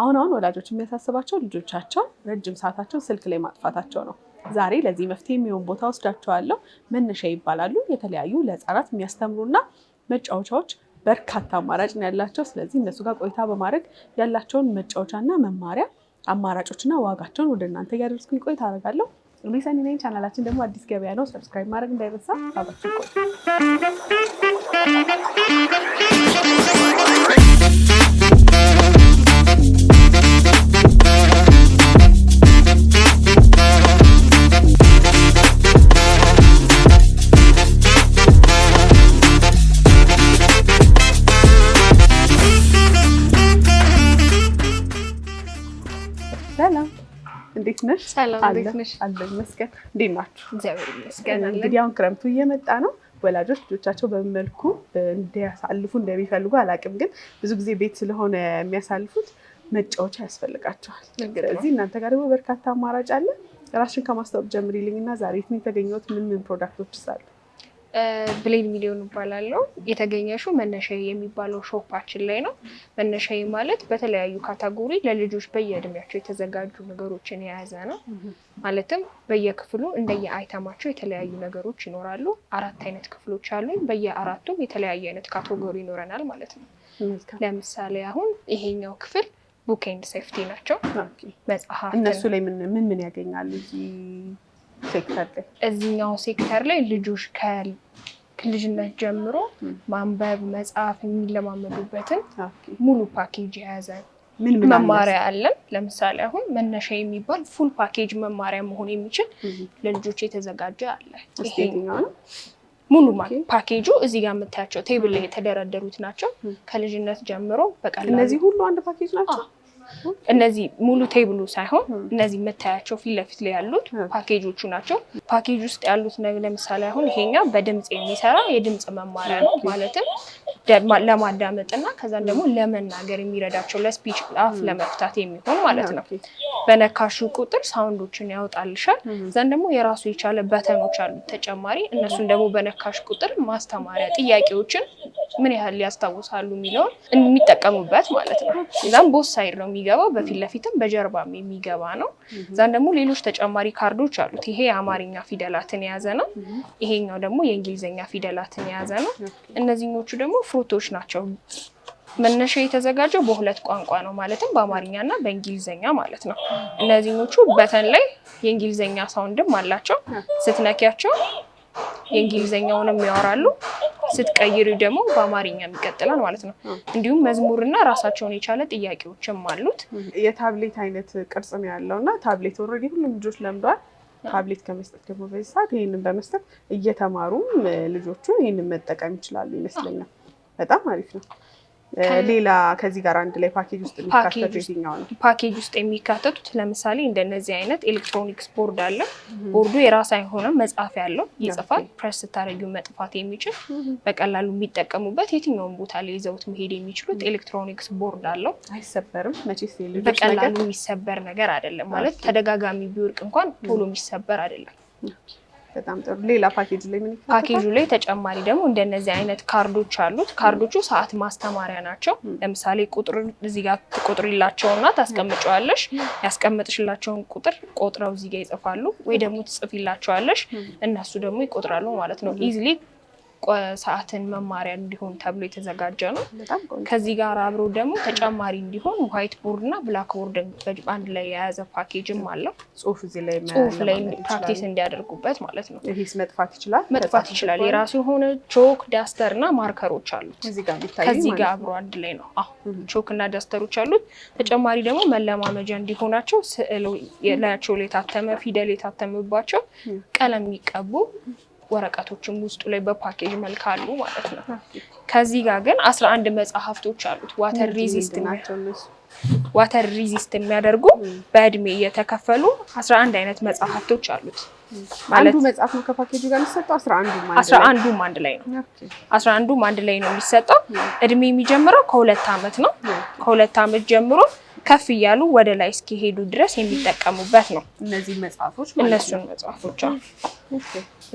አሁን አሁን ወላጆች የሚያሳስባቸው ልጆቻቸው ረጅም ሰዓታቸው ስልክ ላይ ማጥፋታቸው ነው። ዛሬ ለዚህ መፍትሄ የሚሆን ቦታ ወስዳቸዋለሁ። መነሻ ይባላሉ። የተለያዩ ለህፃናት የሚያስተምሩና መጫወቻዎች በርካታ አማራጭ ነው ያላቸው። ስለዚህ እነሱ ጋር ቆይታ በማድረግ ያላቸውን መጫወቻና መማሪያ አማራጮችና ዋጋቸውን ወደ እናንተ እያደረስኩኝ ቆይታ አደርጋለሁ። እንግዲህ ነኝ። ቻናላችን ደግሞ አዲስ ገበያ ነው። ሰብስክራይብ ማድረግ እንዳይረሳ። አባችን ቆይ እንዴት ነሽ? ሰላም ይመስገን። እንዴት ናችሁ? እንግዲህ አሁን ክረምቱ እየመጣ ነው። ወላጆች ልጆቻቸው በምን መልኩ እንዲያሳልፉ እንደሚፈልጉ አላውቅም፣ ግን ብዙ ጊዜ ቤት ስለሆነ የሚያሳልፉት መጫወቻ ያስፈልጋቸዋል። ስለዚህ እናንተ ጋር ደግሞ በርካታ አማራጭ አለ። ራስሽን ከማስታወቅ ጀምሪልኝ እና ዛሬ የት ነው የተገኘሁት? ምን ምን ፕሮዳክቶች አሉ? ብሌን ሚሊዮን እባላለሁ። የተገኘሽው መነሻዬ የሚባለው ሾፓችን ላይ ነው። መነሻዬ ማለት በተለያዩ ካታጎሪ ለልጆች በየእድሜያቸው የተዘጋጁ ነገሮችን የያዘ ነው። ማለትም በየክፍሉ እንደየ አይተማቸው የተለያዩ ነገሮች ይኖራሉ። አራት አይነት ክፍሎች አሉኝ። በየአራቱም የተለያየ አይነት ካታጎሪ ይኖረናል ማለት ነው። ለምሳሌ አሁን ይሄኛው ክፍል ቡክ ኤንድ ሴፍቲ ናቸው። መጽሐፍ እነሱ ላይ ምን ምን ያገኛሉ? ሴክተር ላይ ሴክተር ላይ ልጆች ከልጅነት ጀምሮ ማንበብ መጽሐፍ የሚለማመዱበትን ሙሉ ፓኬጅ የያዘ መማሪያ አለን። ለምሳሌ አሁን መነሻ የሚባል ፉል ፓኬጅ መማሪያ መሆን የሚችል ለልጆች የተዘጋጀ አለ። ሙሉ ፓኬጁ እዚህ ጋር የምታያቸው ቴብል ላይ የተደረደሩት ናቸው። ከልጅነት ጀምሮ በቃ እነዚህ ሁሉ አንድ ፓኬጅ ናቸው። እነዚህ ሙሉ ቴብሉ ሳይሆን እነዚህ የምታያቸው ፊት ለፊት ላይ ያሉት ፓኬጆቹ ናቸው። ፓኬጅ ውስጥ ያሉት ለምሳሌ አሁን ይሄኛ በድምፅ የሚሰራ የድምፅ መማሪያ ነው። ማለትም ለማዳመጥ እና ከዛም ደግሞ ለመናገር የሚረዳቸው ለስፒች አፍ ለመፍታት የሚሆን ማለት ነው። በነካሹ ቁጥር ሳውንዶችን ያወጣልሻል። ዘን ደግሞ የራሱ የቻለ በተኖች አሉት ተጨማሪ። እነሱን ደግሞ በነካሽ ቁጥር ማስተማሪያ ጥያቄዎችን ምን ያህል ያስታውሳሉ የሚለውን የሚጠቀሙበት ማለት ነው። እዛም ቦስ ሳይድ ነው የሚገባው፣ በፊት ለፊትም በጀርባም የሚገባ ነው። እዛን ደግሞ ሌሎች ተጨማሪ ካርዶች አሉት። ይሄ የአማርኛ ፊደላትን የያዘ ነው። ይሄኛው ደግሞ የእንግሊዝኛ ፊደላትን የያዘ ነው። እነዚህኞቹ ደግሞ ፍሩቶች ናቸው። መነሻ የተዘጋጀው በሁለት ቋንቋ ነው ማለትም በአማርኛ እና በእንግሊዝኛ ማለት ነው። እነዚህኞቹ በተን ላይ የእንግሊዝኛ ሳውንድም አላቸው። ስትነኪያቸው የእንግሊዝኛውንም ያወራሉ። ስትቀይሪ ደግሞ በአማርኛም ይቀጥላል ማለት ነው። እንዲሁም መዝሙርና ራሳቸውን የቻለ ጥያቄዎችም አሉት። የታብሌት አይነት ቅርጽ ነው ያለው እና ታብሌት ኦልሬዲ ሁሉም ልጆች ለምደዋል። ታብሌት ከመስጠት ደግሞ በዚህ ሰዓት ይህንን በመስጠት እየተማሩም ልጆቹ ይህንን መጠቀም ይችላሉ ይመስለኛል። በጣም አሪፍ ነው። ሌላ ከዚህ ጋር አንድ ላይ ፓኬጅ ውስጥ የሚካተቱ የትኛው ነው? ፓኬጅ ውስጥ የሚካተቱት ለምሳሌ እንደነዚህ አይነት ኤሌክትሮኒክስ ቦርድ አለ። ቦርዱ የራሱ የሆነ መጽሐፍ ያለው ይጽፋል። ፕሬስ ስታደርጊው መጥፋት የሚችል በቀላሉ የሚጠቀሙበት የትኛውን ቦታ ላይ ይዘውት መሄድ የሚችሉት ኤሌክትሮኒክስ ቦርድ አለው። አይሰበርም መቼ፣ በቀላሉ የሚሰበር ነገር አይደለም ማለት ተደጋጋሚ ቢወርቅ እንኳን ቶሎ የሚሰበር አይደለም። በጣም ጥሩ። ሌላ ፓኬጅ ላይ ምን ፓኬጁ ላይ ተጨማሪ ደግሞ እንደነዚህ አይነት ካርዶች አሉት። ካርዶቹ ሰዓት ማስተማሪያ ናቸው። ለምሳሌ ቁጥር እዚህ ጋር ትቆጥሪላቸውና ታስቀምጫዋለሽ። ያስቀምጥሽላቸውን ቁጥር ቆጥረው እዚህ ጋር ይጽፋሉ ወይ ደግሞ ትጽፊላቸዋለሽ። እነሱ ደግሞ ይቆጥራሉ ማለት ነው ኢዚሊ ሰዓትን መማሪያ እንዲሆን ተብሎ የተዘጋጀ ነው። ከዚህ ጋር አብሮ ደግሞ ተጨማሪ እንዲሆን ዋይት ቦርድ እና ብላክ ቦርድ አንድ ላይ የያዘ ፓኬጅም አለው። ጽሁፍ ላይ ፕራክቲስ እንዲያደርጉበት ማለት ነው። ይሄስ መጥፋት ይችላል መጥፋት ይችላል። የራሱ የሆነ ቾክ ዳስተር እና ማርከሮች አሉት። ከዚህ ጋር አብሮ አንድ ላይ ነው። ቾክ እና ዳስተሮች አሉት። ተጨማሪ ደግሞ መለማመጃ እንዲሆናቸው ስዕል ላያቸው ላይ የታተመ ፊደል የታተመባቸው ቀለም የሚቀቡ ወረቀቶችም ውስጡ ላይ በፓኬጅ መልክ አሉ ማለት ነው። ከዚህ ጋር ግን አስራ አንድ መጽሐፍቶች አሉት ዋተር ሪዚስት ዋተር ሪዚስት የሚያደርጉ በእድሜ እየተከፈሉ አስራ አንድ አይነት መጽሐፍቶች አሉት። አንዱ መጽሐፍ ነው ከፓኬጁ ጋር የሚሰጠው አስራ አንዱም አንድ ላይ ነው። አስራ አንዱም አንድ ላይ ነው የሚሰጠው። እድሜ የሚጀምረው ከሁለት አመት ነው። ከሁለት አመት ጀምሮ ከፍ እያሉ ወደ ላይ እስኪሄዱ ድረስ የሚጠቀሙበት ነው። እነዚህ መጽሐፎች እነሱን መጽሐፎች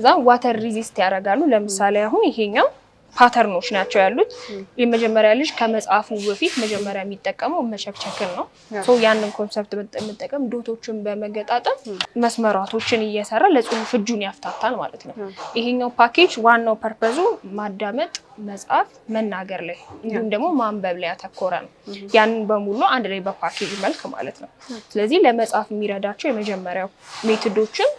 እዛ ዋተር ሪዚስት ያደርጋሉ። ለምሳሌ አሁን ይሄኛው ፓተርኖች ናቸው ያሉት። የመጀመሪያ ልጅ ከመጽሐፉ በፊት መጀመሪያ የሚጠቀመው መቸክቸክን ነው። ያንን ኮንሰፕት በመጠቀም ዶቶችን በመገጣጠም መስመራቶችን እየሰራ ለጽሁፍ እጁን ያፍታታል ማለት ነው። ይሄኛው ፓኬጅ ዋናው ፐርፐዙ ማዳመጥ፣ መጽሐፍ፣ መናገር ላይ እንዲሁም ደግሞ ማንበብ ላይ ያተኮረ ነው። ያንን በሙሉ አንድ ላይ በፓኬጅ መልክ ማለት ነው። ስለዚህ ለመጽሐፍ የሚረዳቸው የመጀመሪያው ሜትዶችን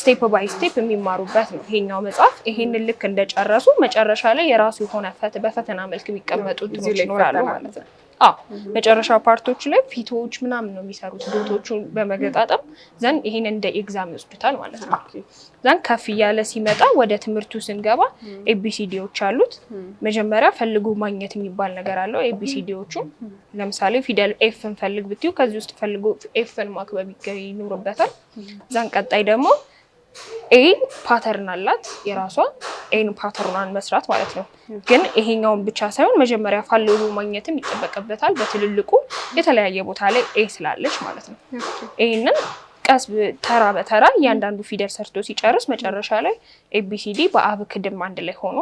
ስቴፕ ባይ ስቴፕ የሚማሩበት ነው ይሄኛው መጽሐፍ። ይሄንን ልክ እንደጨረሱ መጨረሻ ላይ የራሱ የሆነ በፈተና መልክ የሚቀመጡ ይኖራሉ ማለት ነው። መጨረሻ ፓርቶቹ ላይ ፊቶች ምናምን ነው የሚሰሩት ዶቶቹን በመገጣጠም ዘን ይሄን እንደ ኤግዛም ይወስዱታል ማለት ነው። ዘንድ ከፍ እያለ ሲመጣ ወደ ትምህርቱ ስንገባ ኤቢሲዲዎች አሉት። መጀመሪያ ፈልጉ ማግኘት የሚባል ነገር አለው። ኤቢሲዲዎቹ ለምሳሌ ፊደል ኤፍን ፈልግ ብትዩ ከዚህ ውስጥ ፈልጎ ኤፍን ማክበብ ይኖርበታል። ዘንድ ቀጣይ ደግሞ ኤ ፓተርን አላት የራሷ ኤን ፓተርኗን መስራት ማለት ነው። ግን ይሄኛውን ብቻ ሳይሆን መጀመሪያ ፋሌሎ ማግኘትም ይጠበቅበታል። በትልልቁ የተለያየ ቦታ ላይ ኤ ስላለች ማለት ነው። ይህንን ቀስ ተራ በተራ እያንዳንዱ ፊደል ሰርቶ ሲጨርስ መጨረሻ ላይ ኤቢሲዲ ክድም አንድ ላይ ሆኖ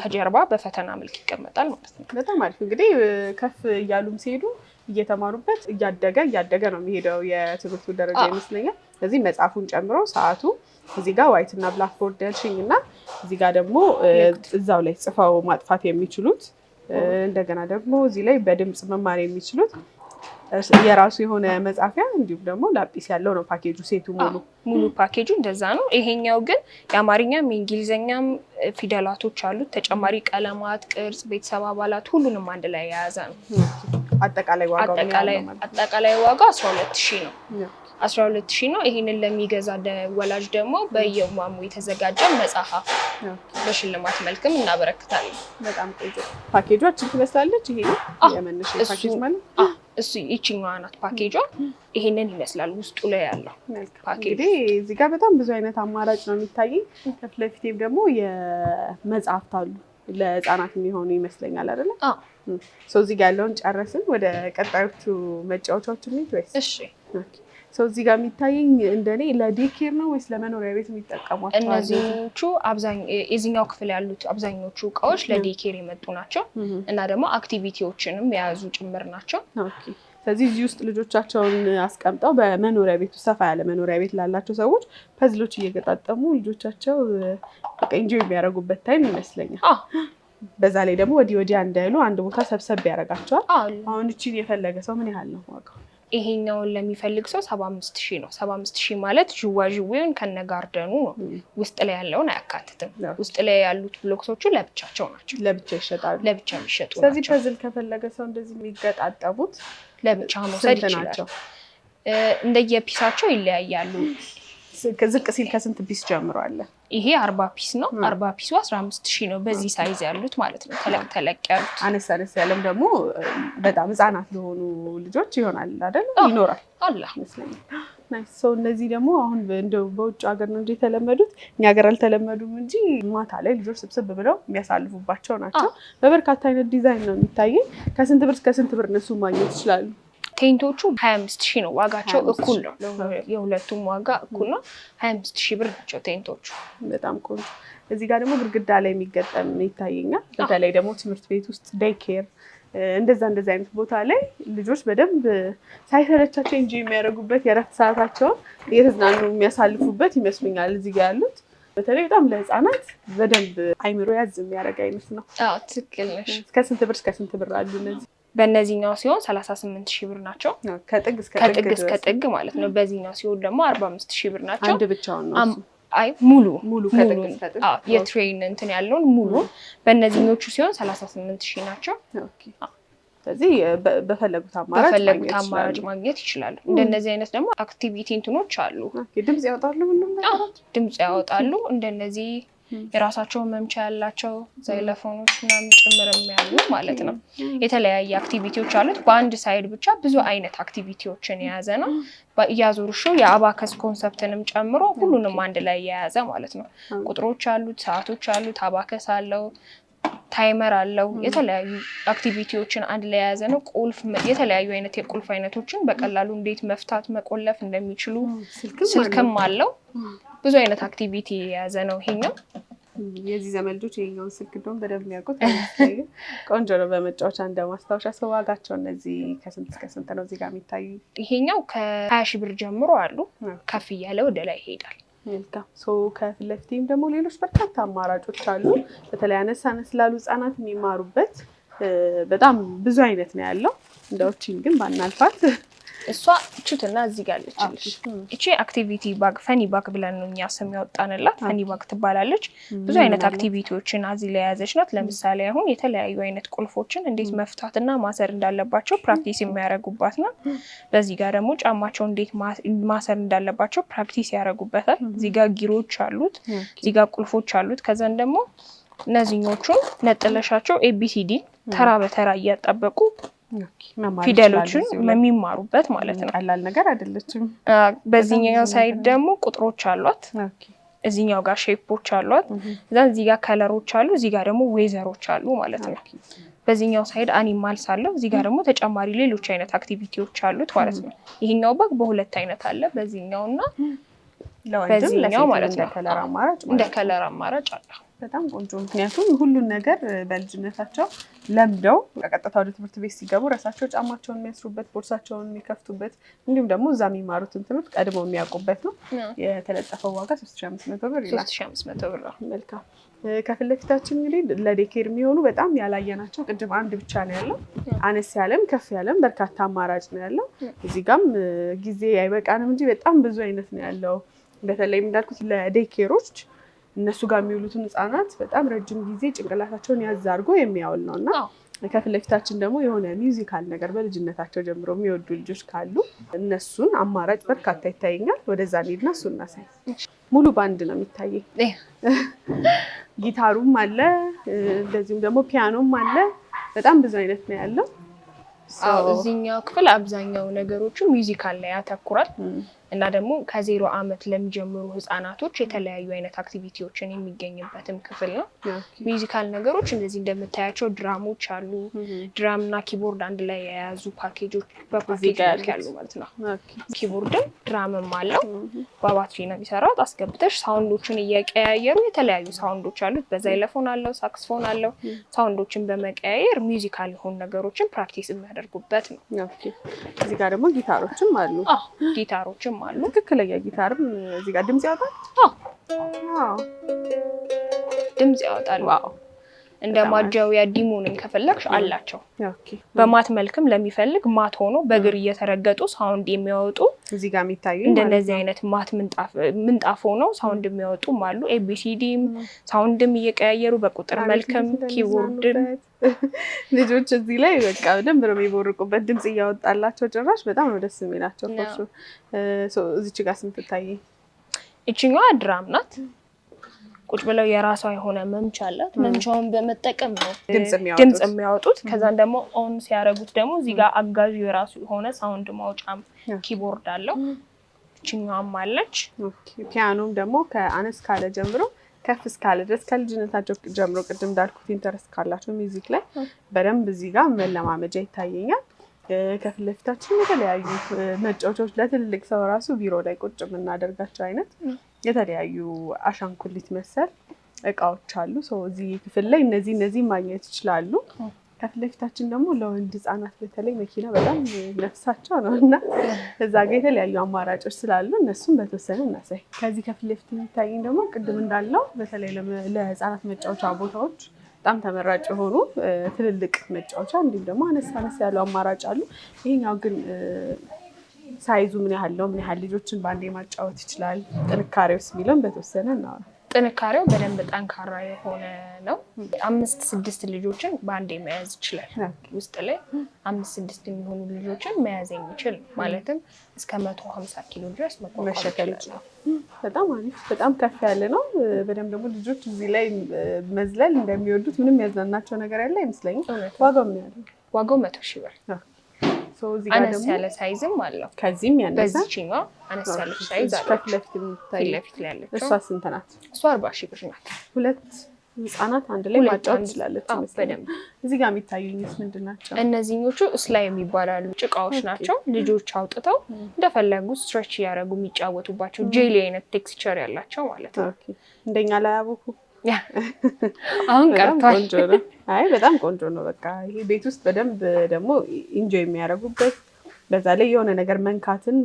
ከጀርባ በፈተና መልክ ይቀመጣል ማለት ነው። በጣም አሪፍ እንግዲህ ከፍ እያሉም ሲሄዱ እየተማሩበት እያደገ እያደገ ነው የሚሄደው የትምህርቱ ደረጃ ይመስለኛል። ስለዚህ መጽሐፉን ጨምሮ ሰዓቱ እዚህ ጋር ዋይት እና ብላክ ቦርድ ያልሽኝ እና እዚህ ጋር ደግሞ እዛው ላይ ጽፈው ማጥፋት የሚችሉት እንደገና ደግሞ እዚህ ላይ በድምፅ መማር የሚችሉት የራሱ የሆነ መጻፊያ እንዲሁም ደግሞ ላጲስ ያለው ነው ፓኬጁ። ሴቱ ሙሉ ሙሉ ፓኬጁ እንደዛ ነው። ይሄኛው ግን የአማርኛም የእንግሊዝኛም ፊደላቶች አሉት። ተጨማሪ ቀለማት፣ ቅርጽ፣ ቤተሰብ አባላት ሁሉንም አንድ ላይ የያዘ ነው። አጠቃላይ ዋጋ አስራ ሺ ነው። አስራ ነው። ይህንን ለሚገዛ ወላጅ ደግሞ በየማሙ የተዘጋጀ መጽሐፍ በሽልማት መልክም እናበረክታለን። በጣም ቆንጆ ፓኬጇ ትመስላለች። ይሄ የመነሻ ፓኬጅ ማለት እሱ ይችኛዋ ናት ፓኬጇ። ይሄንን ይመስላል ውስጡ ላይ ያለው እንግዲህ እዚህ ጋር በጣም ብዙ አይነት አማራጭ ነው የሚታየኝ። ከፊት ለፊቴም ደግሞ የመጽሐፍት አሉ ለህፃናት የሚሆኑ ይመስለኛል አይደለ? እዚህ ጋር ያለውን ጨረስን። ወደ ቀጣዮቹ መጫወቻዎች ሚት ወይስ? እሺ ሰው እዚህ ጋር የሚታየኝ እንደኔ ለዴኬር ነው ወይስ ለመኖሪያ ቤት የሚጠቀሟቸው? እነዚህኞቹ የዚህኛው ክፍል ያሉት አብዛኞቹ እቃዎች ለዴኬር የመጡ ናቸው እና ደግሞ አክቲቪቲዎችንም የያዙ ጭምር ናቸው። ስለዚህ እዚህ ውስጥ ልጆቻቸውን አስቀምጠው በመኖሪያ ቤቱ ሰፋ ያለ መኖሪያ ቤት ላላቸው ሰዎች ፐዝሎች እየገጣጠሙ ልጆቻቸው ቀንጆ የሚያደርጉበት ታይም ይመስለኛል። በዛ ላይ ደግሞ ወዲህ ወዲያ እንዳይሉ አንድ ቦታ ሰብሰብ ያደርጋቸዋል። አሁን እቺን የፈለገ ሰው ምን ያህል ነው ዋጋው? ይሄኛውን ለሚፈልግ ሰው ሰባ አምስት ሺህ ነው። ሰባ አምስት ሺህ ማለት ዥዋዥዌውን ከነጋርደኑ ነው። ውስጥ ላይ ያለውን አያካትትም። ውስጥ ላይ ያሉት ብሎክሶቹ ለብቻቸው ናቸው፣ ለብቻ ይሸጣሉ፣ ለብቻ የሚሸጡ ስለዚህ ፐዝል ከፈለገ ሰው እንደዚህ የሚገጣጠሙት ለብቻ መውሰድ ይችላል። እንደየፒሳቸው ይለያያሉ። ዝቅ ሲል ከስንት ፒስ ጀምሮ አለ? ይሄ አርባ ፒስ ነው። አርባ ፒሱ አስራ አምስት ሺህ ነው። በዚህ ሳይዝ ያሉት ማለት ነው። ተለቅ ተለቅ ያሉት አነስ አነስ ያለም ደግሞ በጣም ህጻናት ለሆኑ ልጆች ይሆናል አይደል? ይኖራል አለ ይመስለኛል። ሰው እነዚህ ደግሞ አሁን እንደው በውጭ ሀገር ነው እንጂ የተለመዱት እኛ ሀገር አልተለመዱም እንጂ ማታ ላይ ልጆች ስብስብ ብለው የሚያሳልፉባቸው ናቸው። በበርካታ አይነት ዲዛይን ነው የሚታየኝ። ከስንት ብር እስከ ስንት ብር እነሱ ማግኘት ይችላሉ? ቴንቶቹ ሀያ አምስት ሺህ ነው ዋጋቸው፣ እኩል ነው። የሁለቱም ዋጋ እኩል ነው። ሀያ አምስት ሺህ ብር ናቸው ቴንቶቹ። በጣም ቆንጆ። እዚህ ጋር ደግሞ ግድግዳ ላይ የሚገጠም ይታየኛል። በተለይ ደግሞ ትምህርት ቤት ውስጥ ዴይ ኬር እንደዛ አይነት ቦታ ላይ ልጆች በደንብ ሳይሰለቻቸው እንጂ የሚያደርጉበት የእረፍት ሰዓታቸውን እየተዝናኑ የሚያሳልፉበት ይመስሉኛል እዚህ ጋር ያሉት በተለይ በጣም ለህፃናት በደንብ አይምሮ ያዝ የሚያደርግ አይነት ነው። ትክክል ነሽ። ከስንት ብር እስከ ስንት ብር አሉ እነዚህ? በእነዚህኛው ሲሆን ሰላሳ ስምንት ሺህ ብር ናቸው ከጥግ እስከ ጥግ ማለት ነው። በዚህኛው ሲሆን ደግሞ አርባ አምስት ሺህ ብር ናቸው። አንድ ብቻውን ነው አይ ሙሉ ሙሉ የትሬን እንትን ያለውን ሙሉ በእነዚህኞቹ ሲሆን ሰላሳ ስምንት ሺህ ናቸው። ስለዚህ በፈለጉት አማራጭ በፈለጉት አማራጭ ማግኘት ይችላሉ። እንደነዚህ አይነት ደግሞ አክቲቪቲ እንትኖች አሉ። ድምፅ ያወጣሉ፣ ድምፅ ያወጣሉ እንደነዚህ የራሳቸው መምቻ ያላቸው ዘይለፎኖች ምናምን ጭምር የሚያሉ ማለት ነው። የተለያየ አክቲቪቲዎች አሉት። በአንድ ሳይድ ብቻ ብዙ አይነት አክቲቪቲዎችን የያዘ ነው። እያዞር የአባከስ ኮንሰፕትንም ጨምሮ ሁሉንም አንድ ላይ የያዘ ማለት ነው። ቁጥሮች አሉት፣ ሰዓቶች አሉት፣ አባከስ አለው ታይመር አለው። የተለያዩ አክቲቪቲዎችን አንድ ላይ የያዘ ነው። ቁልፍ የተለያዩ አይነት የቁልፍ አይነቶችን በቀላሉ እንዴት መፍታት መቆለፍ እንደሚችሉ ስልክም አለው። ብዙ አይነት አክቲቪቲ የያዘ ነው ይሄኛው። የዚህ ዘመን ልጆች ይሄኛውን ስልክ እንደውም በደንብ የሚያውቁት ቆንጆ ነው። በመጫወቻ እንደ ማስታወሻ ሰው ዋጋቸው እነዚህ ከስንት እስከ ስንት ነው እዚህ ጋር የሚታዩ? ይሄኛው ከሀያ ሺህ ብር ጀምሮ አሉ። ከፍ እያለ ወደ ላይ ይሄዳል። መልካም ከፊት ለፊትም ደግሞ ሌሎች በርካታ አማራጮች አሉ። በተለይ አነሳነ ስላሉ ህጻናት የሚማሩበት በጣም ብዙ አይነት ነው ያለው። እንደዎችን ግን ባናልፋት እሷ ችትና እዚህ ጋር አለችልሽ። እቺ አክቲቪቲ ባግ ፈኒ ባግ ብለን ነው እኛ ስም ያወጣንላት። ፈኒ ባግ ትባላለች። ብዙ አይነት አክቲቪቲዎችን አዚ ላይ የያዘች ናት። ለምሳሌ አሁን የተለያዩ አይነት ቁልፎችን እንዴት መፍታትና ማሰር እንዳለባቸው ፕራክቲስ የሚያደርጉባት ነው። በዚህ ጋር ደግሞ ጫማቸው እንዴት ማሰር እንዳለባቸው ፕራክቲስ ያደርጉበታል። እዚህ ጋር ጊሮች አሉት፣ እዚህ ጋር ቁልፎች አሉት። ከዛን ደግሞ እነዚህኞቹን ነጥለሻቸው ኤቢሲዲ ተራ በተራ እያጠበቁ ፊደሎችን የሚማሩበት ማለት ነው። ቀላል ነገር አይደለችም። በዚህኛው ሳይድ ደግሞ ቁጥሮች አሏት። እዚኛው ጋር ሼፖች አሏት። እዛ እዚህ ጋር ከለሮች አሉ። እዚህ ጋር ደግሞ ዌዘሮች አሉ ማለት ነው። በዚህኛው ሳይድ አኒማልስ አለው። እዚህ ጋር ደግሞ ተጨማሪ ሌሎች አይነት አክቲቪቲዎች አሉት ማለት ነው። ይሄኛው በግ በሁለት አይነት አለ፣ በዚህኛው እና በዚህኛው ማለት ነው። እንደ ከለር አማራጭ አለ። በጣም ቆንጆ። ምክንያቱም ሁሉን ነገር በልጅነታቸው ለምደው ቀጥታ ወደ ትምህርት ቤት ሲገቡ ራሳቸው ጫማቸውን የሚያስሩበት፣ ቦርሳቸውን የሚከፍቱበት እንዲሁም ደግሞ እዛ የሚማሩትን ትምህርት ቀድመው የሚያውቁበት ነው። የተለጠፈው ዋጋ ሶስት ሺህ አምስት መቶ ብር ሶስት ሺህ አምስት መቶ ብር። መልካም። ከፊት ለፊታችን እንግዲህ ለዴኬር የሚሆኑ በጣም ያላየናቸው ቅድም አንድ ብቻ ነው ያለው። አነስ ያለም ከፍ ያለም በርካታ አማራጭ ነው ያለው። እዚህ ጋም ጊዜ አይበቃንም እንጂ በጣም ብዙ አይነት ነው ያለው። በተለይም እንዳልኩት ለዴኬሮች እነሱ ጋር የሚውሉትን ህጻናት በጣም ረጅም ጊዜ ጭንቅላታቸውን ያዝ አድርጎ የሚያውል ነው እና ከፊት ለፊታችን ደግሞ የሆነ ሚውዚካል ነገር በልጅነታቸው ጀምሮ የሚወዱ ልጆች ካሉ እነሱን አማራጭ በርካታ ይታየኛል። ወደዛ እንሂድና እሱ እናሳይ። ሙሉ ባንድ ነው የሚታየኝ። ጊታሩም አለ፣ እንደዚሁም ደግሞ ፒያኖም አለ። በጣም ብዙ አይነት ነው ያለው። እዚህኛው ክፍል አብዛኛው ነገሮቹ ሚውዚካል ላይ ያተኩራል። እና ደግሞ ከዜሮ አመት ለሚጀምሩ ህጻናቶች የተለያዩ አይነት አክቲቪቲዎችን የሚገኝበትም ክፍል ነው። ሚውዚካል ነገሮች እንደዚህ እንደምታያቸው ድራሞች አሉ። ድራም እና ኪቦርድ አንድ ላይ የያዙ ፓኬጆች በፓኬጅ ያሉ ማለት ነው። ኪቦርድም ድራምም አለው። በባትሪ ነው የሚሰራው። አስገብተሽ ሳውንዶችን እየቀያየሩ የተለያዩ ሳውንዶች አሉት። በዛይለፎን አለው፣ ሳክስፎን አለው። ሳውንዶችን በመቀያየር ሚውዚካል የሆኑ ነገሮችን ፕራክቲስ የሚያደርጉበት ነው። እዚህ ጋር ደግሞ ጊታሮችም አሉ። ጊታሮችም አሉ። ትክክለኛ ጊታርም እዚህ ጋር ድምፅ ያወጣል፣ ድምፅ ያወጣል። ዋው እንደ ማጃዊያ ዲሙንም ከፈለግሽ አላቸው። በማት መልክም ለሚፈልግ ማት ሆኖ በእግር እየተረገጡ ሳውንድ የሚያወጡ እዚህ ጋር የሚታዩ እንደነዚህ አይነት ማት ምንጣፍ ሆነው ሳውንድ የሚያወጡም አሉ። ኤቢሲዲም ሳውንድም እየቀያየሩ በቁጥር መልክም ኪቦርድም ልጆች እዚህ ላይ በቃ በደንብ ነው የሚቦርቁበት፣ ድምፅ እያወጣላቸው ጭራሽ በጣም ነው ደስ የሚላቸው። እዚች ጋር ስምትታይ ይችኛዋ ድራም ናት። ቁጭ ብለው የራሷ የሆነ መምቻ አላት። መምቻውን በመጠቀም ነው ድምፅ የሚያወጡት። ከዛን ደግሞ ኦን ሲያደርጉት ደግሞ እዚህ ጋር አጋዥ የራሱ የሆነ ሳውንድ ማውጫ ኪቦርድ አለው። ችኛዋም አለች። ፒያኖም ደግሞ ከአነስ ካለ ጀምሮ ከፍ እስካለ ድረስ ከልጅነታቸው ጀምሮ ቅድም እንዳልኩት ኢንተረስት ካላቸው ሚዚክ ላይ በደንብ እዚህ ጋር መለማመጃ ይታየኛል። ከፊት ለፊታችን የተለያዩ መጫወቻዎች ለትልልቅ ሰው ራሱ ቢሮ ላይ ቁጭ የምናደርጋቸው አይነት የተለያዩ አሻንጉሊት መሰል እቃዎች አሉ። እዚህ ክፍል ላይ እነዚህ እነዚህ ማግኘት ይችላሉ። ከፊት ለፊታችን ደግሞ ለወንድ ህጻናት በተለይ መኪና በጣም ነፍሳቸው ነው እና እዛ ጋ የተለያዩ አማራጮች ስላሉ እነሱም በተወሰነ እናሳይ። ከዚህ ከፊት ለፊት የሚታየኝ ደግሞ ቅድም እንዳለው በተለይ ለህፃናት መጫወቻ ቦታዎች በጣም ተመራጭ የሆኑ ትልልቅ መጫወቻ እንዲሁም ደግሞ አነስ አነስ ያሉ አማራጭ አሉ። ይሄኛው ግን ሳይዙ ምን ያህል ነው? ምን ያህል ልጆችን በአንዴ ማጫወት ይችላል? ጥንካሬውስ የሚለውን በተወሰነ እናወራ። ጥንካሬው በደንብ ጠንካራ የሆነ ነው። አምስት ስድስት ልጆችን በአንዴ መያዝ ይችላል። ውስጥ ላይ አምስት ስድስት የሚሆኑ ልጆችን መያዝ የሚችል ማለትም እስከ መቶ ሀምሳ ኪሎ ድረስ መሸከል ይችላል። በጣም አሪፍ፣ በጣም ከፍ ያለ ነው። በደንብ ደግሞ ልጆች እዚህ ላይ መዝለል እንደሚወዱት ምንም ያዝናናቸው ነገር ያለ አይመስለኝም። ዋጋው ምን ያለ? ዋጋው መቶ ሺህ ብር አነስ ያለ ሳይዝም አለው። ከዚህም ያነሰ አነስ ያለች ሳይዝ ለፊት ላይ ያለችው እሷ ስንት ናት? እሷ አርባ ሺህ ብር ናት። ሁለት ህጻናት አንድ ላይ ማጫወት ትችላለች። እዚህ ጋር የሚታዩት ምንድን ናቸው? እነዚህኞቹ ጭቃዎች ናቸው። ልጆች አውጥተው እንደፈለጉ እያደረጉ የሚጫወቱባቸው ጄሊ አይነት ቴክስቸር ያላቸው ማለት ነው። እንደኛ ላይ አቦኩ አሁን ቀርቷል። አይ በጣም ቆንጆ ነው። በቃ ይሄ ቤት ውስጥ በደንብ ደግሞ ኢንጆይ የሚያደርጉበት በዛ ላይ የሆነ ነገር መንካትን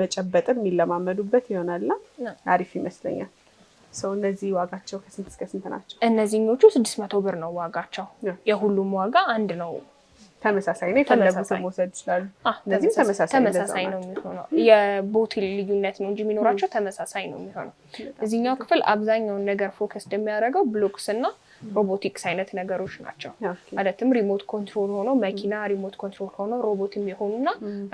መጨበጥን የሚለማመዱበት ይሆናልና አሪፍ ይመስለኛል። ሰው እነዚህ ዋጋቸው ከስንት እስከ ስንት ናቸው? እነዚህኞቹ ስድስት መቶ ብር ነው ዋጋቸው። የሁሉም ዋጋ አንድ ነው። ተመሳሳይ ነው። የፈለጉትን መውሰድ ይችላሉ። እነዚህም ተመሳሳይ ነው የሚሆነው። የቦቴል ልዩነት ነው እንጂ የሚኖራቸው ተመሳሳይ ነው የሚሆነው። እዚኛው ክፍል አብዛኛውን ነገር ፎከስ የሚያደርገው ብሎክስ እና ሮቦቲክስ አይነት ነገሮች ናቸው። ማለትም ሪሞት ኮንትሮል ሆኖ መኪና ሪሞት ኮንትሮል ሆኖ ሮቦት የሚሆኑና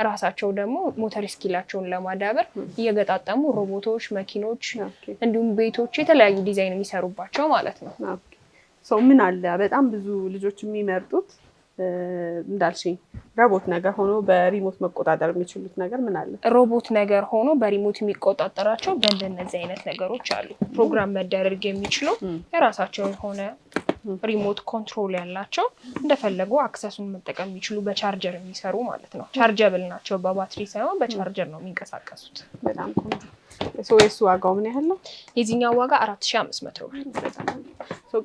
ራሳቸው ደግሞ ሞተር ስኪላቸውን ለማዳበር እየገጣጠሙ ሮቦቶች፣ መኪኖች እንዲሁም ቤቶች የተለያዩ ዲዛይን የሚሰሩባቸው ማለት ነው። ምን አለ በጣም ብዙ ልጆች የሚመርጡት እንዳልሽ ሮቦት ነገር ሆኖ በሪሞት መቆጣጠር የሚችሉት ነገር ምን አለ? ሮቦት ነገር ሆኖ በሪሞት የሚቆጣጠራቸው በእንደነዚህ አይነት ነገሮች አሉ። ፕሮግራም መደረግ የሚችሉ የራሳቸው የሆነ ሪሞት ኮንትሮል ያላቸው እንደፈለጉ አክሰሱን መጠቀም የሚችሉ በቻርጀር የሚሰሩ ማለት ነው። ቻርጀብል ናቸው፣ በባትሪ ሳይሆን በቻርጀር ነው የሚንቀሳቀሱት። በጣም የሱ ዋጋው ምን ያህል ነው? የዚህኛው ዋጋ አራት ሺ አምስት መቶ ብር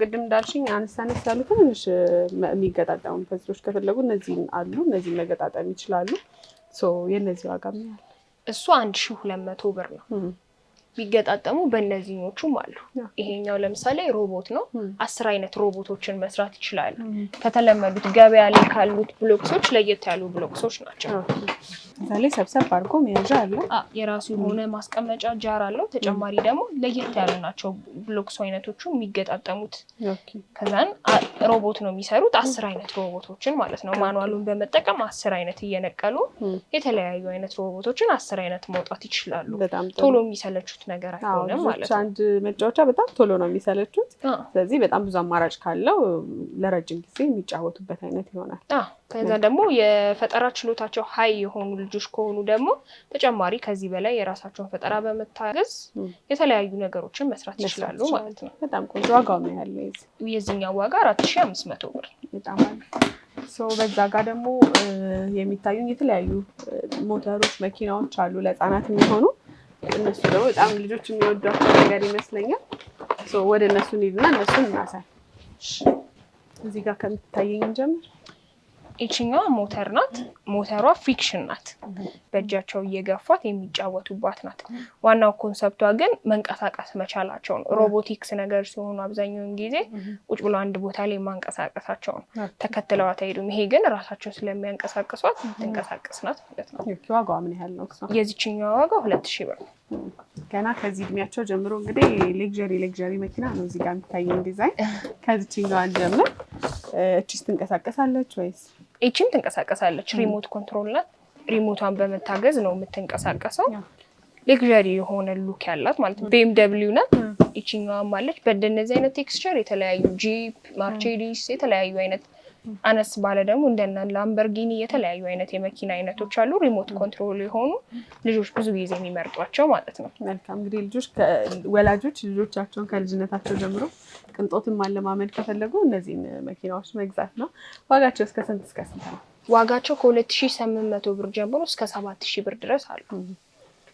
ቅድም እንዳልሽኝ አነስ አነስ ያሉትን ትንሽ የሚገጣጠሙ ፈትሎች ከፈለጉ እነዚህን አሉ። እነዚህ መገጣጠም ይችላሉ። የእነዚህ ዋጋ ምን ያህል? እሱ አንድ ሺህ ሁለት መቶ ብር ነው። ቢገጣጠሙ በእነዚህኞቹም አሉ። ይሄኛው ለምሳሌ ሮቦት ነው። አስር አይነት ሮቦቶችን መስራት ይችላል። ከተለመዱት ገበያ ላይ ካሉት ብሎክሶች ለየት ያሉ ብሎክሶች ናቸው። እዛ ላይ ሰብሰብ አድርጎ መያዣ አለ። የራሱ የሆነ ማስቀመጫ ጃር አለው። ተጨማሪ ደግሞ ለየት ያሉ ናቸው ብሎክሱ አይነቶቹ የሚገጣጠሙት። ከዛን ሮቦት ነው የሚሰሩት፣ አስር አይነት ሮቦቶችን ማለት ነው። ማኑዋሉን በመጠቀም አስር አይነት እየነቀሉ የተለያዩ አይነት ሮቦቶችን አስር አይነት መውጣት ይችላሉ። ቶሎ የሚሰለቹት ነገር አይሆንም ማለት ነው። አንድ መጫወቻ በጣም ቶሎ ነው የሚሰለቹት። ስለዚህ በጣም ብዙ አማራጭ ካለው ለረጅም ጊዜ የሚጫወቱበት አይነት ይሆናል። ከዛ ደግሞ የፈጠራ ችሎታቸው ሀይ የሆኑ ልጆች ከሆኑ ደግሞ ተጨማሪ ከዚህ በላይ የራሳቸውን ፈጠራ በመታገዝ የተለያዩ ነገሮችን መስራት ይችላሉ ማለት ነው። በጣም ቆንጆ ዋጋው ነው ያለው። የዚህኛው ዋጋ አራት ሺ አምስት መቶ ብር በጣም በዛ ጋር ደግሞ የሚታዩ የተለያዩ ሞተሮች፣ መኪናዎች አሉ ለህፃናት የሚሆኑ እነሱ ደግሞ በጣም ልጆች የሚወዷቸው ነገር ይመስለኛል። ወደ እነሱ እንሂድና እነሱን እናሳይ። እዚህ ጋር ከምትታየኝ ጀምር ይችኛዋ ሞተር ናት። ሞተሯ ፊክሽን ናት። በእጃቸው እየገፏት የሚጫወቱባት ናት። ዋናው ኮንሰፕቷ ግን መንቀሳቀስ መቻላቸው ነው። ሮቦቲክስ ነገር ሲሆኑ አብዛኛውን ጊዜ ቁጭ ብሎ አንድ ቦታ ላይ ማንቀሳቀሳቸው ነው። ተከትለዋት አይሄዱም። ይሄ ግን ራሳቸው ስለሚያንቀሳቅሷት ትንቀሳቀስ ናት ማለት ነው። ምን ያህል ነው? የዚችኛዋ ዋጋ ሁለት ሺህ ብር ገና ከዚህ እድሜያቸው ጀምሮ እንግዲህ ሌክዠሪ ሌክዠሪ መኪና ነው እዚህ ጋር የሚታየን ዲዛይን። ከዚችኛዋን ጀምር እችስ ትንቀሳቀሳለች ወይስ ኤችም ትንቀሳቀሳለች። ሪሞት ኮንትሮል ናት። ሪሞቷን በመታገዝ ነው የምትንቀሳቀሰው። ሌክዠሪ የሆነ ሉክ ያላት ማለት ነው። ቤምደብሊው ናት። ይችኛዋም አለች። በእንደነዚህ አይነት ቴክስቸር የተለያዩ ጂፕ፣ ማርቼዲስ የተለያዩ አይነት አነስ ባለ ደግሞ እንደና ላምበርጊኒ የተለያዩ አይነት የመኪና አይነቶች አሉ፣ ሪሞት ኮንትሮል የሆኑ ልጆች ብዙ ጊዜ የሚመርጧቸው ማለት ነው። መልካም እንግዲህ ልጆች ወላጆች ልጆቻቸውን ከልጅነታቸው ጀምሮ ቅንጦትን ማለማመድ ከፈለጉ እነዚህን መኪናዎች መግዛት ነው። ዋጋቸው እስከ ስንት እስከ ስንት ነው? ዋጋቸው ከሁለት ሺህ ስምንት መቶ ብር ጀምሮ እስከ ሰባት ሺህ ብር ድረስ አሉ።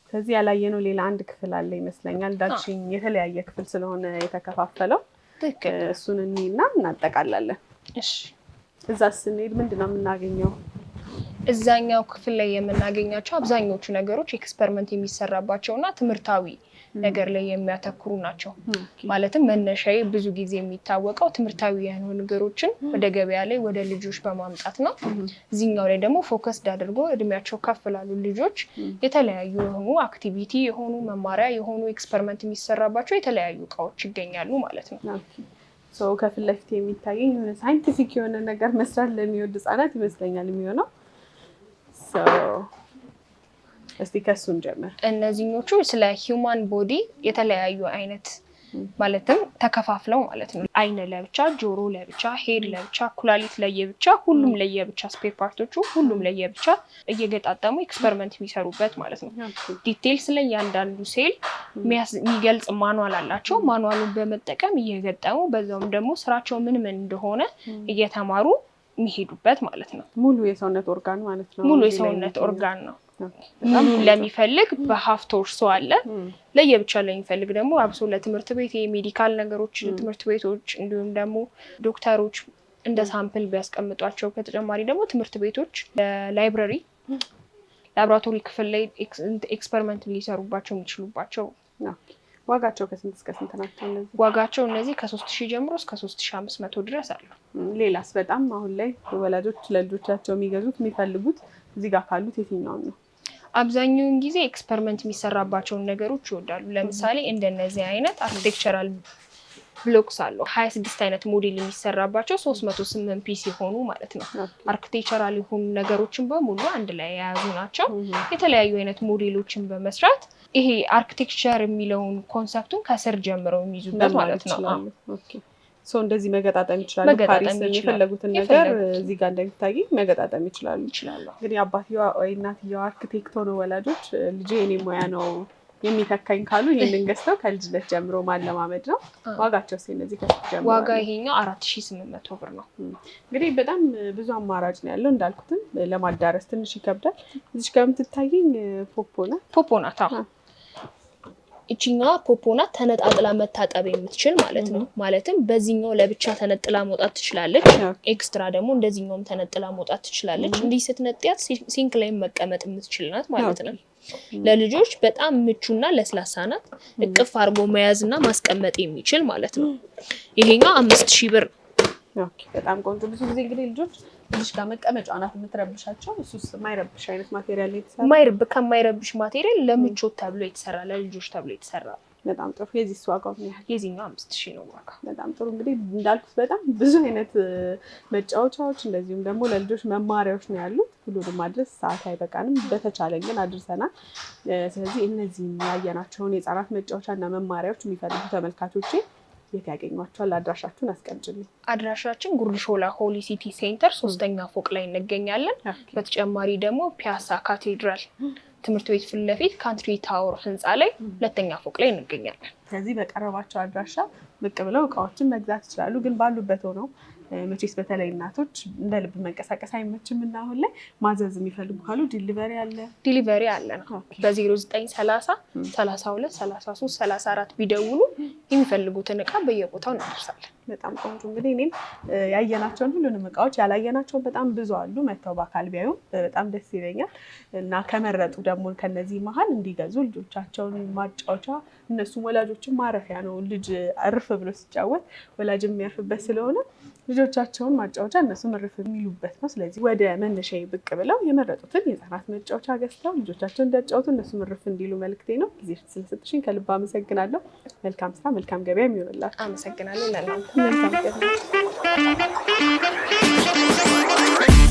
ስለዚህ ያላየነው ሌላ አንድ ክፍል አለ ይመስለኛል። ዳሽኝ የተለያየ ክፍል ስለሆነ የተከፋፈለው እሱን እኒና እናጠቃላለን። እሺ እዛ ስንሄድ ምንድን ነው የምናገኘው? እዛኛው ክፍል ላይ የምናገኛቸው አብዛኞቹ ነገሮች ኤክስፐሪመንት የሚሰራባቸው እና ትምህርታዊ ነገር ላይ የሚያተኩሩ ናቸው። ማለትም መነሻዬ ብዙ ጊዜ የሚታወቀው ትምህርታዊ የሆኑ ነገሮችን ወደ ገበያ ላይ ወደ ልጆች በማምጣት ነው። እዚኛው ላይ ደግሞ ፎከስ አድርጎ እድሜያቸው ከፍ ላሉ ልጆች የተለያዩ የሆኑ አክቲቪቲ የሆኑ መማሪያ የሆኑ ኤክስፐሪመንት የሚሰራባቸው የተለያዩ እቃዎች ይገኛሉ ማለት ነው። ከፊት ለፊት የሚታየኝ የሆነ ሳይንቲፊክ የሆነ ነገር መስራት ለሚወድ ህጻናት ይመስለኛል የሚሆነው እስቲ ከሱን ጀምር። እነዚህኞቹ ስለ ሂውማን ቦዲ የተለያዩ አይነት ማለትም ተከፋፍለው ማለት ነው። አይን ለብቻ፣ ጆሮ ለብቻ፣ ሄድ ለብቻ፣ ኩላሊት ለየብቻ፣ ሁሉም ለየብቻ፣ ስፔር ፓርቶቹ ሁሉም ለየብቻ እየገጣጠሙ ኤክስፐሪመንት የሚሰሩበት ማለት ነው። ዲቴል ስለ እያንዳንዱ ሴል የሚገልጽ ማኗል አላቸው። ማኗሉን በመጠቀም እየገጠሙ በዛውም ደግሞ ስራቸው ምን ምን እንደሆነ እየተማሩ የሚሄዱበት ማለት ነው። ሙሉ የሰውነት ኦርጋን ማለት ነው። ሙሉ የሰውነት ኦርጋን ነው። ነው። በጣም ለሚፈልግ በሀፍቶ እርሶ አለ። ለየብቻ ለሚፈልግ ደግሞ አብሶ ለትምህርት ቤት የሜዲካል ነገሮች ትምህርት ቤቶች እንዲሁም ደግሞ ዶክተሮች እንደ ሳምፕል ቢያስቀምጧቸው። ከተጨማሪ ደግሞ ትምህርት ቤቶች ለላይብረሪ ላብራቶሪ ክፍል ላይ ኤክስፐሪመንት ሊሰሩባቸው የሚችሉባቸው ዋጋቸው ከስንት እስከ ስንት ናቸው? እነዚህ ዋጋቸው እነዚህ ከሶስት ሺህ ጀምሮ እስከ ሶስት ሺህ አምስት መቶ ድረስ አሉ። ሌላስ በጣም አሁን ላይ ወላጆች ለልጆቻቸው የሚገዙት የሚፈልጉት እዚህ ጋር ካሉት የትኛውን ነው? አብዛኛውን ጊዜ ኤክስፐሪመንት የሚሰራባቸውን ነገሮች ይወዳሉ። ለምሳሌ እንደነዚህ አይነት አርክቴክቸራል ብሎክስ አለው ሀያ ስድስት አይነት ሞዴል የሚሰራባቸው ሶስት መቶ ስምንት ፒስ የሆኑ ማለት ነው። አርክቴክቸራል የሆኑ ነገሮችን በሙሉ አንድ ላይ የያዙ ናቸው። የተለያዩ አይነት ሞዴሎችን በመስራት ይሄ አርክቴክቸር የሚለውን ኮንሰፕቱን ከስር ጀምረው የሚይዙበት ማለት ነው። ሰው እንደዚህ መገጣጠም ይችላሉ። ፓሪስ የፈለጉትን ነገር እዚህ ጋር እንደሚታይ መገጣጠም ይችላሉ። ይችላሉ። ግን አባትየዋ ወይ እናትየዋ አርክቴክት ሆነው ወላጆች ልጅ የኔ ሙያ ነው የሚተካኝ ካሉ ይህንን ገዝተው ከልጅነት ጀምሮ ማለማመድ ነው። ዋጋቸው ስ እነዚህ ከፊት ጀምሮ ዋጋ ይሄኛው አራት ሺ ስምንት መቶ ብር ነው። እንግዲህ በጣም ብዙ አማራጭ ነው ያለው። እንዳልኩትም ለማዳረስ ትንሽ ይከብዳል። እዚህ ጋር የምትታየኝ ፖፖ ናት። ፖፖ ናት እቺኛዋ ፖፖና ተነጣጥላ መታጠብ የምትችል ማለት ነው። ማለትም በዚህኛው ለብቻ ተነጥላ መውጣት ትችላለች። ኤክስትራ ደግሞ እንደዚህኛውም ተነጥላ መውጣት ትችላለች። እንዲህ ስትነጥያት ሲንክ ላይ መቀመጥ የምትችል ናት ማለት ነው። ለልጆች በጣም ምቹና ለስላሳ ናት። እቅፍ አድርጎ መያዝና ማስቀመጥ የሚችል ማለት ነው። ይሄኛው አምስት ሺህ ብር ነው። በጣም ቆንጆ ብዙ ጊዜ እንግዲህ ልጆች ልጅ ጋር መቀመጫ ናት የምትረብሻቸው። እሱ የማይረብሽ አይነት ማቴሪያል የተሰራ ከማይረብሽ ማቴሪያል ለምቾት ተብሎ የተሰራ ለልጆች ተብሎ የተሰራ በጣም ጥሩ። የዚህ ያህል? የዚህኛው አምስት ሺህ ነው ዋጋ። በጣም ጥሩ እንግዲህ እንዳልኩት በጣም ብዙ አይነት መጫወቻዎች እንደዚሁም ደግሞ ለልጆች መማሪያዎች ነው ያሉት። ሁሉንም ማድረስ ሰዓት አይበቃንም፣ በተቻለን ግን አድርሰናል። ስለዚህ እነዚህ ያየናቸውን የህፃናት መጫወቻ እና መማሪያዎች የሚፈልጉ ተመልካቾቼ የት ያገኟቸዋል? አድራሻችሁን አስቀምጭልኝ። አድራሻችን ጉርድሾላ ሆሊ ሲቲ ሴንተር ሶስተኛ ፎቅ ላይ እንገኛለን። በተጨማሪ ደግሞ ፒያሳ ካቴድራል ትምህርት ቤት ፊት ለፊት ካንትሪ ታወር ህንፃ ላይ ሁለተኛ ፎቅ ላይ እንገኛለን። ከዚህ በቀረባቸው አድራሻ ብቅ ብለው እቃዎችን መግዛት ይችላሉ። ግን ባሉበት ሆነው መቼስ በተለይ እናቶች እንደ ልብ መንቀሳቀስ አይመችም እና አሁን ላይ ማዘዝ የሚፈልጉ ካሉ ዲሊቨሪ አለ ዲሊቨሪ አለ ነው። በ0930 32 33 34 ቢደውሉ የሚፈልጉትን እቃ በየቦታው እናደርሳለን። በጣም ቆንጆ እንግዲህ እኔም ያየናቸውን ሁሉንም እቃዎች ያላየናቸውን በጣም ብዙ አሉ። መተው በአካል ቢያዩ በጣም ደስ ይለኛል እና ከመረጡ ደግሞ ከነዚህ መሀል እንዲገዙ ልጆቻቸውን ማጫወቻ፣ እነሱም ወላጆችን ማረፊያ ነው። ልጅ እርፍ ብሎ ሲጫወት ወላጅ የሚያርፍበት ስለሆነ ልጆቻቸውን ማጫወቻ እነሱም እርፍ የሚሉበት ነው። ስለዚህ ወደ መነሻዬ ብቅ ብለው የመረጡትን የህፃናት መጫወቻ ገዝተው ልጆቻቸውን እንዲያጫወቱ እነሱም እርፍ እንዲሉ መልክቴ ነው። ጊዜ ስለሰጥሽኝ ከልብ አመሰግናለሁ። መልካም ስራ መልካም ገበያ የሚሆንላችሁ። አመሰግናለሁ። ለእናንተ መልካም ገበያ